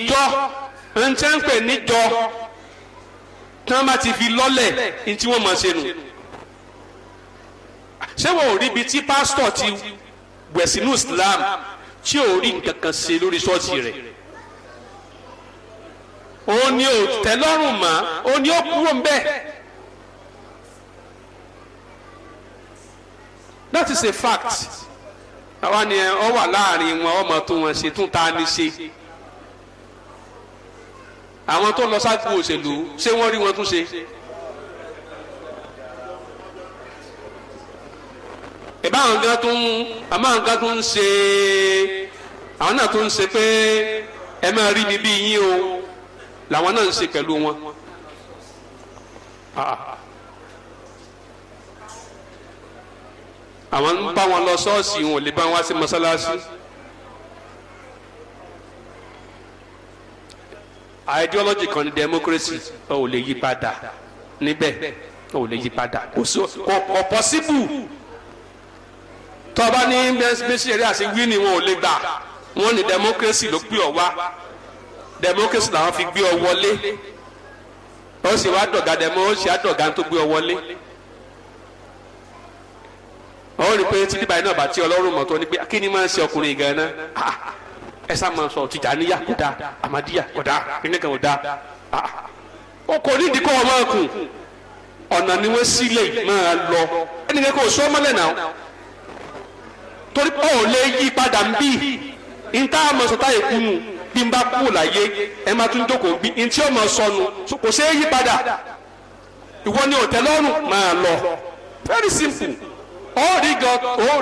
yọ ntẹ́ ń pè níjọ tí wọ́n bá ti fi lọ́lẹ̀ ní tí wọ́n mọ̀ ṣe nù ṣé wọn ò rí ibi tí pásítọ̀ ti wẹ̀ sínú Islam tí ò rí nǹkan kan ṣe lórí ṣọ́ọ̀ṣì rẹ̀ òun ni ò tẹ́lọ́rùn mọ́ òun ni ó kúrò ń that is a fact àwa ni ọ wà láàrin wọn ọmọ tó wọn ṣe tún ta ni ṣe àwọn tó lọ ságbo òṣèlú ṣé wọ́n rí wọn tún ṣe. ìbá àwọn kan tún àmọ́ àwọn kan tún ń ṣe àwọn náà tún ń ṣe pé ẹ máa rí mi bí yín o làwọn náà ń ṣe pẹ̀lú wọn. Ah, ah, ah. àwọn ń bá wọn lọ ṣọ́ọ̀ṣì wọn ò lè bá wọn wá sí mọ́ṣáláṣí. ideology kan ní democracy ó ò lè yí padà níbẹ̀ ó ò lè yí padà kò possible tọ́ba ní mẹ́sẹ̀rẹ́ àti wíìnì wọn ò lè gbà wọ́n ni democracy ló gbé ọ wá democracy làwọn fi gbé ọ wọlé ó sì wá dọ̀gá dẹ̀mọ́ ó sì á dọ̀gá tó gbé ọ wọlé ó rí i pé títí báyìí náà bá ọlọ́run mọ̀ tó ní pé kí ni máa ń ṣe ọkùnrin gan-an ah, ẹ sá máa sọ amadi ya dáa Ahmadiyya kò dáa kíníkan kò dáa ah, o kò ní ìdíkọ́ ọmọ ẹkùn ọ̀nà ni wọ́n sílẹ̀ máa lọ ẹnìkan kò sọ ọmọlẹ̀ náà torí tori ò lè yí padà ń bí níta àmọ́ sọ táyé kunu bí n bá kú láyé ẹ tún jókòó bí n tí ó máa kò ṣeé yí padà ìwọ ni òtẹ́lọ́rùn máa lọ very simple. ó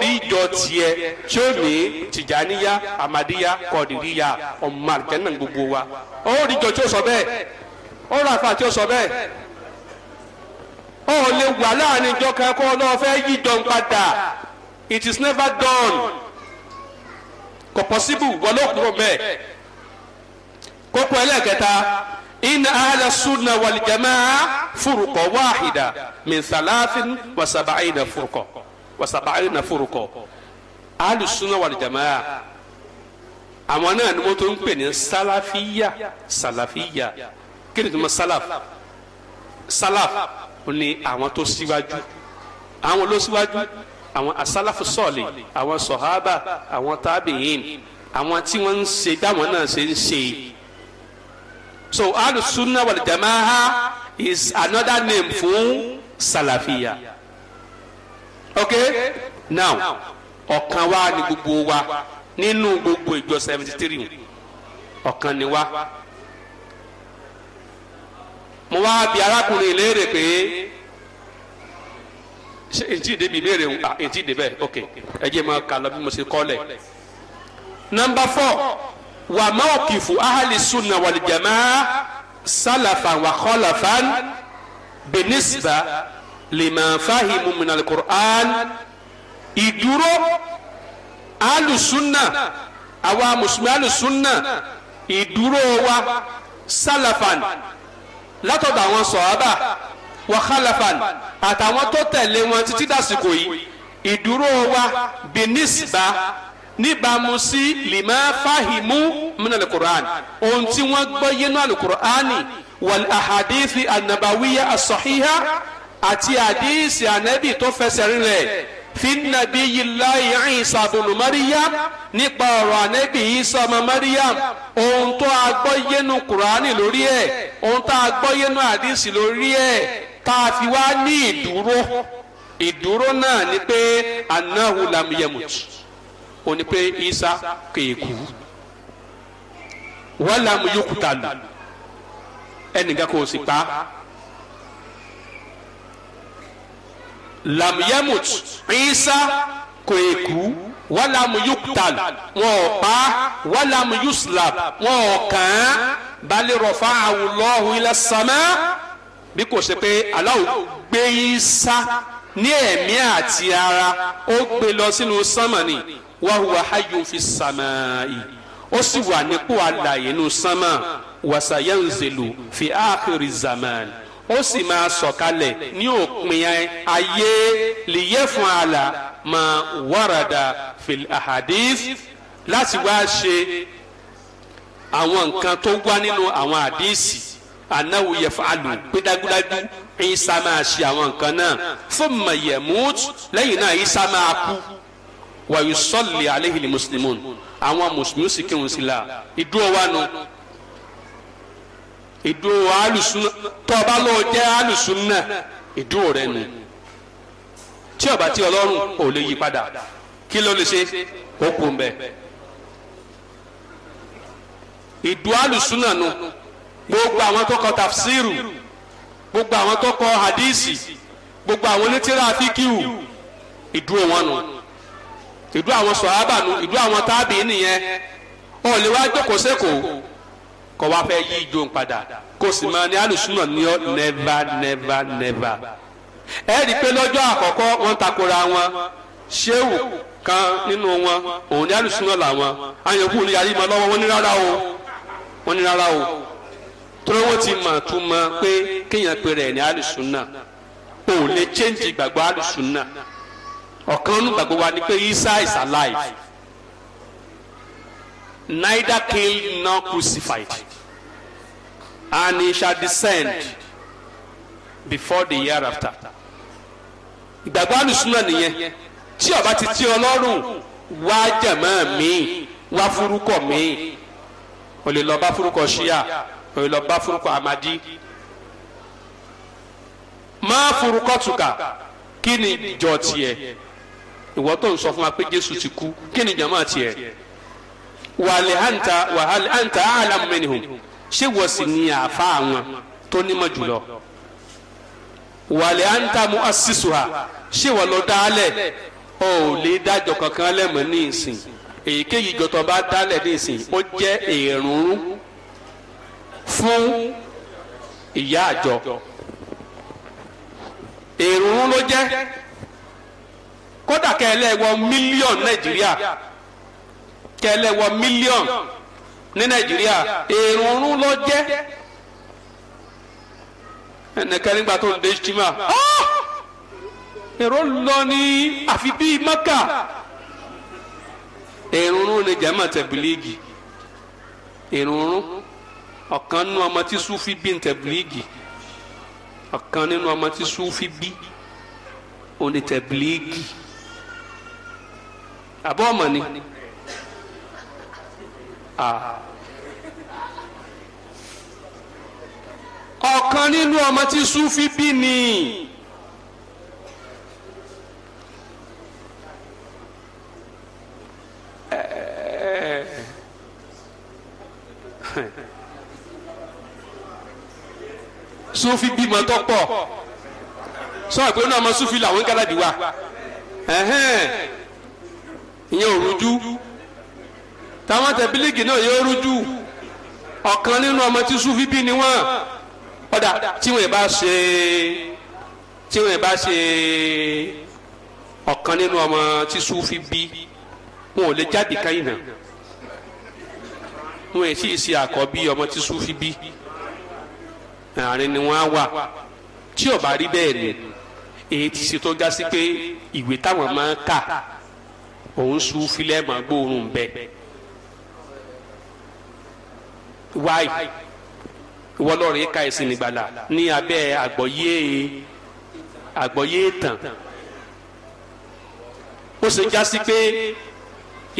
rí ìjọ tiẹ̀ tí ó ní tìjàníyá àmàdíyá kọ̀dìríyá ọmọ àjẹ́nà gbogbo wa ó rí ìjọ tí ó sọ bẹ́ẹ̀ ó rà fà tí ó sọ bẹ́ẹ̀ ó wà láàrin ìjọ kan kó lọ́ọ́ fẹ́ yí ìjọ padà it is never done kò possible wọlé òkúrò mẹ́ẹ̀ kókó ẹlẹ́ẹ̀kẹta inna ahla sunna wal jamaa furuqa wahida min salafin wa sab'ina furuqa wasabali na forúkọ alùsùnà wàlìjàmáà àwọn náà ni wọ́n tó ń pè ní sálàfíyà sálàfíyà kí ni tó mọ sálàf sálàf ni àwọn tó síwájú àwọn ló síwájú àwọn asálàfù sọ̀lì àwọn sọ̀hábà àwọn tábìyìn àwọn tí wọ́n ń ṣe dáwọn náà ṣe ń ṣe so alùsùnà wàlìjàmáà is another name fún sálàfíyà. Okay. now ọ̀kan wa ni gbogbo wa nínú gbogbo ìjọ seventy three ọ̀kan ni wa mo wá bi arákùnrin léèrè pé ṣé ètí ìdèbí ìbéèrè ń pa ah, ètí ìdèbẹ ok ẹ jẹ́ máa kà lọ bí mo ṣe kọ́ lẹ̀ nọmba fọ wà mọ́ọ̀kìfù ahali sunna wàlìjàmá sálàfà wà kọ́làfà bẹ́nísìbà lèmọ̀ fáhìmù minal Qur'an ìdúró alùsùnà àwa mùsùlùmí alùsùnà ìdúró wa sálàfàn látọ̀dọ̀ àwọn sọ̀hábà wa khalafan àtàwọn tó tẹ̀lé wọn títí dàsìkò yìí ìdúró wa bínísìbà níbàámu sí lima fahimu minal Qur'an ohun tí wọ́n gbọ́ yẹnu alukur'ani wal ahadithi anabawiya asahiha. Al àti àdíìsì ànẹ́bì tó fẹsẹ̀ rinlẹ̀ fi nàbí yi Ìsá bùnú Maryam nípa ọ̀rọ̀ ànẹ́bì Ìsá ọmọ Maryam ohun tó agbọ́yénu Kùránì lórí ẹ̀ ohun tó agbọ́yénu àdíìsì lórí ẹ̀ tá a fi wá ní ìdúró ìdúró náà ni pé ní pé kéèkú yókùtà lamyamut isa kò èkú wàlámù yuktal wọn ò pa wàlámù yuslab wọn ò kàn án balẹ̀ rọ̀fà àwùlọ́hùn ilẹ̀ sàmẹ́ bí kò ṣe pé aláwo gbé isa ní ẹ̀mí àti ara ó gbé lọ sínú sánmà wàhùwà hayyu fi sàmẹ́ yìí ó sì wà nípò alàyè nù sánmà wàsàyẹ̀ ń zèlò fi áàkiri zamani ó sì máa sọ̀kalẹ̀ ní òpin ayé lìyẹ́ fún àlà mà wàràdà fil ahadith láti wá ṣe àwọn nǹkan tó wá nínú àwọn àdíìsì anáwó yẹfọ àlù pé dágúdájú ìsá máa ṣe àwọn nǹkan náà fún mayemut lẹ́yìn náà ìsá máa kú wàyí aléhìlì mùsùlùmùn àwọn mùsùlùmí sì kírun sí la ìdúró wa nu ìdúró alùsùn tọ́ba ló jẹ́ alùsùn náà ìdúró rẹ nù tí ọba tí ọlọ́run ò lè yí padà kí ló lè ṣe ó kù mbẹ ìdúró alùsùn náà nù gbogbo àwọn tó kọ tafsiru gbogbo àwọn tó kọ hadisi gbogbo àwọn onítìrà fíkìwù ìdúró wọn nù ìdúró àwọn sọ̀hábà nù ìdúró àwọn tábìlì nìyẹn ó lè wá jókòó sẹ́kọ̀ọ́. kọ́ wá fẹ́ yí ijó padà sì máa ní alùsùnà ní ọ neva nẹ́fà nẹ́fà ẹ rí i pé lọ́jọ́ àkọ́kọ́ wọ́n wọn ṣéwù kan nínú wọn òun ní alùsùnà làwọn lọ́wọ́ wọn ní rárá o wọn ní rárá o torí wọn ti mọ̀ tún mọ̀ pé kéèyàn pe rẹ̀ ní alùsùnà o lè chẹ́ǹjì gbàgbọ́ alùsùnà ọ̀kan nù gbàgbọ́ wa ni alive. neither killed nor crucified. And he shall descend before the year after. Ìgbàgbọ́ àlùsùnà nìyẹn tí ọba ti tí ọlọ́run wá jẹ̀mọ́ mi wá furukọ̀ mi o lè lọ bá furukọ̀ ṣíà o lè lọ bá furukọ̀ amadi má furukọ̀ tùkà kí ni ìjọ tiẹ̀ ìwọ tó ń sọ fún wa pé Jésù ti kú kí ni ìjọ máa tiẹ̀. wàhálì àǹtà àlàmù minhum ṣé wọ́n sì ní àfa àwọn tó nímọ̀ jùlọ wàhálì àǹtà mu'assisuha ṣé wọ́n lọ dálẹ̀ ó lè dájọ́ kankan lẹ́mọ̀ ní ìsìn èyíkéyìí jọtọ̀ bá dálẹ̀ ní ìsìn ó jẹ́ èrún fún ìyá àjọ èrún ló jẹ́ kódà kẹlẹ́wọ̀ mílíọ̀n ní nàìjíríà èrò ọ̀run ló jẹ́ ẹnìkan nígbà tó ń dé ṣìmá èrò lọ ní àfi bíi mọ́kà èrò ọ̀run ní jama tẹ̀bílíìgì èrò ọ̀run ọ̀kan nínú ọmọ tí sufi bí ń tẹ̀bílíìgì ọ̀kan nínú ọmọ tí sufi bí ó ní àbọ̀ ọmọ ni. Tẹ̀bílíìgì ọ̀kan nínú ọmọ tí sufi bí ni sufi bímọ tó pọ̀ sọ pé náà ọmọ sufi làwọn ń gálàdì wa ìyẹn ò rújú táwọn tẹ̀bílígì náà yóò rújú ọ̀kan nínú ọmọ tí sufi bí ni wọ́n ọ̀dà tí wọ́n bá ṣe tí wọ́n bá ṣe ọ̀kan nínú ọmọ tí sufi bí wọn ò lè jáde káyìn náà wọn èsì ìsì àkọ́bí ọmọ tí sufi bí àárín ni wọ́n á wà tí ó rí bẹ́ẹ̀ ni èyí ti ṣe tó já sí pé ìwé táwọn máa ń kà òun sufi lẹ́ẹ̀mọ́ gbóòórùn bẹ́ẹ̀ wáì ìwọlọ́ọ̀rẹ́ ka ẹ̀sìn nìgbàlà ní abẹ́ àgbọ̀yé àgbọ̀yé ìtàn ó sì já sí pé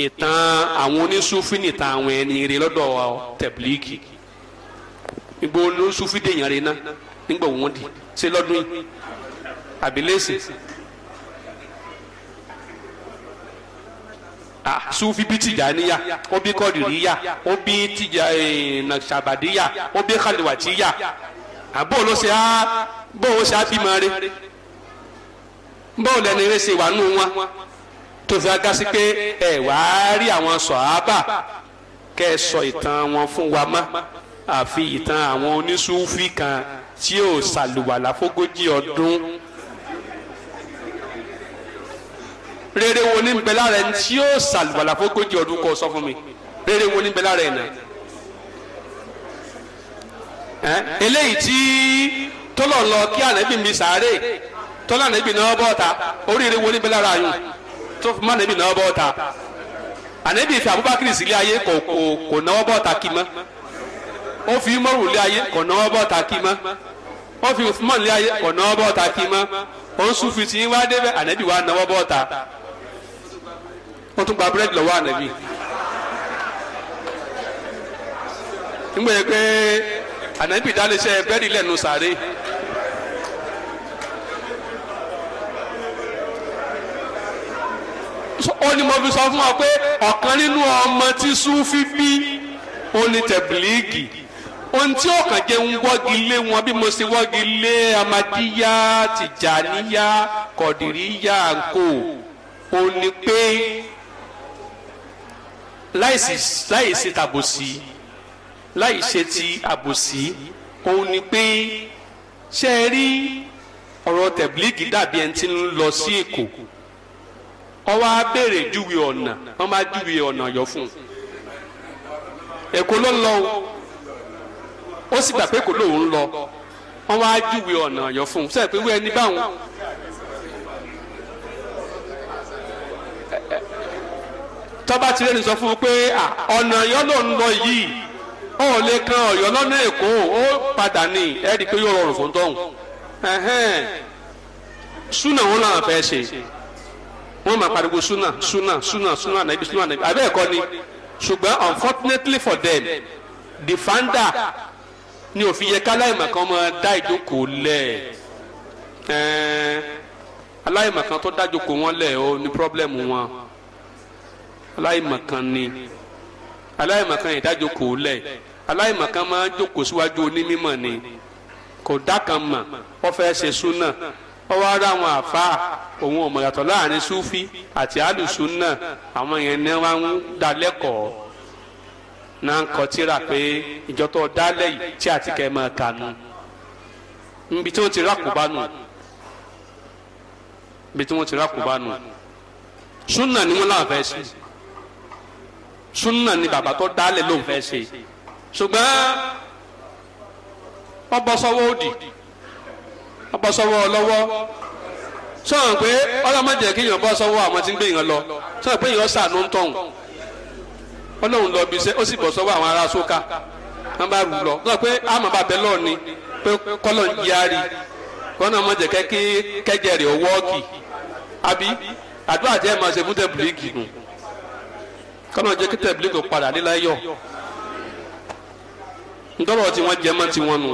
ìtàn àwọn onísúfì nìtàn àwọn ẹni rè lọ́dọ̀ tẹ̀blíkì gbogbo olóṣùfì dèèyàn rè náà nígbà wọn di ṣe lọ́dún yìí àbílẹ̀sì. ah sufi bí tìjàníyà ya, obi kọ́dìríyà ó bí tìjà nàṣàbàdíyà ó bí kàlíwàtíyà àbó ló ṣe á bó ó ṣe á bímọ rẹ bó lẹni rẹ ṣe wà nù wọn tó fi aga sí pé ẹ wàá rí àwọn sọ̀hábà kẹ́ ẹ sọ ìtàn wọn fún wa mọ́ àfi ìtàn àwọn onísúfì kan tí ó ṣàlùwàlà fógójì ọdún rere wo ni bẹ lára ẹni tí yóò ṣàlùwàlà fógójì ọdún kọ sọ fún mi rere wo ni bẹ lára ẹ̀ náà eléyìí tí tọ́lọ̀ lọ kí ànábì mi sáré tọ́lọ̀ ànábì náà bọ́ ta oríire wo ni bẹ lára yùn tó fún ànábì náà bọ́ ta ànábì fi Abubakar sílé ayé kò kò kò náwó bọ́ ta kí mọ́ fi mọ́rù lé ayé kò náwó bọ́ ta kí mọ́ fi Usman lé ayé kò náwó bọ́ ta kí mọ́ òun ti yín wá débẹ̀ ànábì wá náwó bọ́ ta wọ́n tún gba búrẹ́dì lọ́wọ́ ànábì nígbà yẹn pé ànábì dálẹ́sẹ̀ búrẹ́dì lẹ́nu sàárè. ó ní mo fi sọ fún ọ pé ọ̀kan nínú ọmọ tí Súfì bí ó ní tẹ̀bílíìgì ohun tí ọ̀kan jẹ́ ń wọ́gi lé wọn bí mo ṣe wọ́gi lé amadíyá tìjàníyá kọ̀dìríyá nǹkó ó ní pé láì ṣe tàbòsí láì ṣe ti àbòsí òun ni pé ṣe é rí ọ̀rọ̀ tẹ̀blíìgì dàbí ẹni tí ń lọ sí èkó ọwọ́ á béèrè júwe ọ̀nà wọ́n máa júwe ọ̀nà yọ fún èkó ló ń lọ ó sì gbà pé kò lóun lọ wọ́n wá júwe ọ̀nà yọ fún un pé wíwẹ́ ní báwọn tọ́ba ti lẹ́nu sọ fún un pé ọ̀nà ọ̀yọ́ ló ń lọ yìí ó lè kan ọ̀yọ́ lọ́nà èkó ó padà ní ẹ pé yóò rọrùn fún tọ́hún súnà wọn làwọn fẹ́ ṣe wọn máa pariwo súnà súnà súnà súnà nàbí súnà nàbí àbẹ́ ẹ̀kọ́ ni ṣùgbọ́n unfortunately for them the founder ni òfin yẹ káláìmọ̀ kan máa dá ìjókòó lẹ̀ aláìmọ̀ kan tó dájókòó wọn lẹ̀ ó ní pírọ́blẹ́mù wọn. aláìmọ̀kan ni aláìmọ̀kan ìdájọ́ kò lẹ̀ aláìmọ̀kan máa ń jókòó síwájú onímọ̀ ni kò dákan mọ̀ ó fẹ́ ṣe súnà ó wá rá àwọn àfáà òun ò mọ̀ yàtọ̀ láàrin súfí àti àlùsúnà àwọn yẹn ni wọ́n ń dá lẹ́kọ̀ọ́ náà ń kọ tíra pé ìjọ tó dálẹ̀ yìí tí àtikẹ́ máa kà níbi tí wọ́n ti rákòbá nù níbi tí wọ́n ti rákòbá nù súnà ni wọ́n láǹfẹ́ sí sunna ni baba tó dálẹ̀ ló ń fẹ́ ṣe ṣùgbọ́n ọbọsọwọ bọ́ sọ́wọ́ òdì wọ́n bọ́ sọ́wọ́ ọlọ́wọ́ sọ̀rọ̀ pé ọlọ́mọdé kí èèyàn bọ́ àwọn tí ń gbé èèyàn lọ sọ̀rọ̀ pé èèyàn sànú ń tọ̀hún ọlọ́run lọ bí iṣẹ́ ó sì bọ́ sọ́wọ́ àwọn ará sókà wọ́n bá rù lọ sọ̀rọ̀ pé bàbá ni pé kọlọ ń yí ari kọ́nà ọmọdé kẹ́kẹ́ kẹ́jẹ́ rẹ̀ wọ́ọ̀kì àbí àdúrà jẹ́ màá ṣe fún nù. kọ́mọ jẹ́ kí tẹ̀blígò padà níláyọ̀ ntọ́rọ̀ tí wọ́n jẹ́ mọ́ wọn wọ́n nù.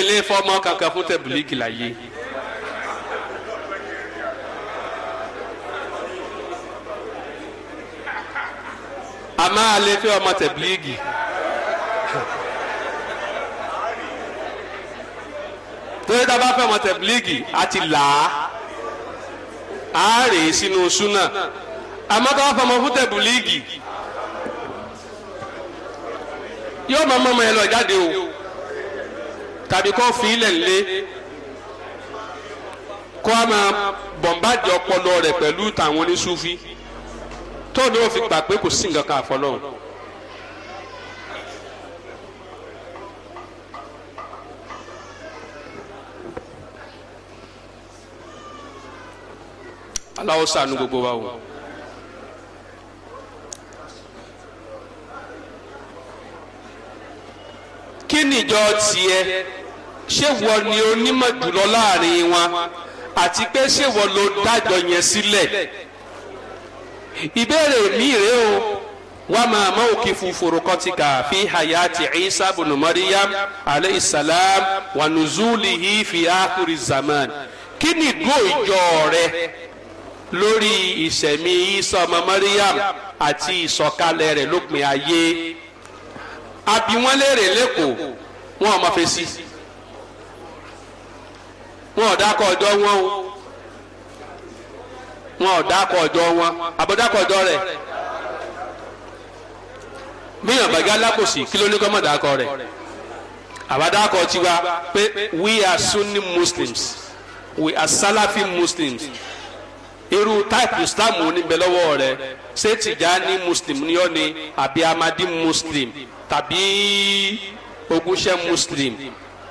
ilé fọmọ kankan fún tẹ̀blígì láyé. àmọ́ alẹ́ fẹ́ ọmọ tẹ̀blígì. torí tá a bá fẹ́ mọ tẹ̀blígì a ti là á a rè é sínú súnà àmọ́ tá a bá fẹ́ mọ fún tẹ̀blígì yóò máa mọ́mọ́ ẹ lọ jáde o tàbí kó fi ilẹ̀ lé kó a máa bọ̀m̀bájì ọpọlọ rẹ̀ pẹ̀lú tàwọn oníṣúfí tó ní o fi gbà pé kò sí nǹkan kan àfọlọ́hùn. aláwọ̀ ṣàánú gbogbo wa o. kí nìjọ tiẹ̀ ṣé wọ ni onímọ̀ jùlọ láàrin wọn àti pé ṣé wọ ló dájọ yẹn sílẹ̀ ìbéèrè mi rèé o wama mawkifu furukotika fi hayati isa bunu mariam alayhi salam wa nuzulihi fi akhiri zaman kí ni ìdúró ìjọ rẹ lórí ìṣẹ̀mí Isa ọmọ Maryam àti ìsọ̀kalẹ̀ rẹ̀ lópin ayé àbí wọ́n léèrè lẹ́kọ̀ọ́ wọn ò mọ̀ fèsì wọn ò dákọ̀ ọjọ́ wọn o wọn ò dákọ̀ ọjọ́ wọn àbọ̀dákọ̀ ọjọ́ rẹ̀ bíyàn bàgá lápòsí kí ló ní kọ́ mọ̀ dákọ̀ rẹ̀ àbádákọ̀ tiwa pé we are Sunni Muslims we are Salafi Muslims irú táìpù islam oníbẹ̀ lọ́wọ́ rẹ ṣé tìjàní muslim ni ọ́ ni àbí amadi muslim tàbí ogúnṣẹ́ muslim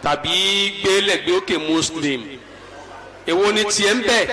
tàbí gbélẹ̀gbẹ́ òkè muslim èwo ni tiẹ̀ ń bẹ̀.